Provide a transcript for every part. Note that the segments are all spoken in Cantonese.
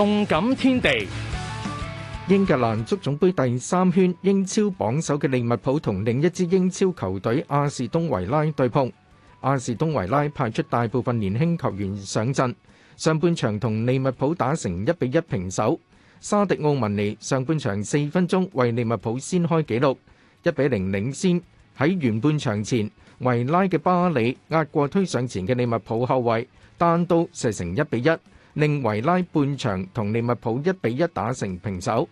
動感天地，英格蘭足總盃第三圈，英超榜首嘅利物浦同另一支英超球隊阿士東維拉對碰。阿士東維拉派出大部分年輕球員上陣，上半場同利物浦打成一比一平手。沙迪奧文尼上半場四分鐘為利物浦先開紀錄，一比零領先。喺完半場前，維拉嘅巴里壓過推上前嘅利物浦後衛，單刀射成一比一。令維拉半場同利物浦一比一打成平手，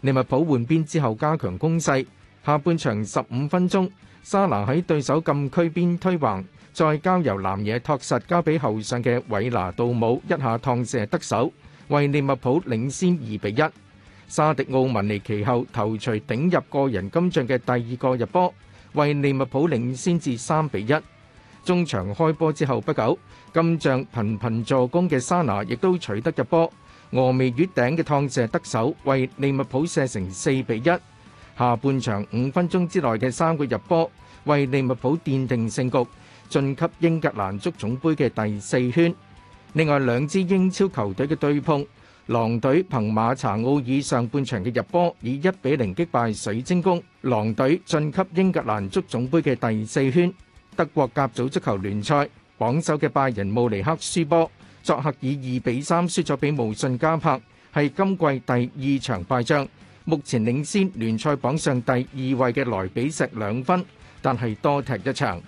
利物浦換邊之後加強攻勢。下半場十五分鐘，沙拿喺對手禁區邊推橫，再交由南野拓實交俾後上嘅韋拿杜姆一下趟射得手，為利物浦領先二比一。沙迪奧文尼其後頭槌頂入個人今仗嘅第二個入波，為利物浦領先至三比一。中場開波之後不久，今場頻頻助攻嘅沙拿亦都取得入波，峨眉月頂嘅湯射得手，為利物浦射成四比一。下半場五分鐘之內嘅三個入波，為利物浦奠定勝局，晉級英格蘭足總杯嘅第四圈。另外兩支英超球隊嘅對碰，狼隊憑馬查奧爾上半場嘅入波，以一比零擊敗水晶宮，狼隊晉級英格蘭足總杯嘅第四圈。德國甲組足球聯賽，榜首嘅拜仁慕尼克輸波，作客以二比三輸咗俾慕遜加柏，係今季第二場敗仗，目前領先聯賽榜上第二位嘅萊比錫兩分，但係多踢一場。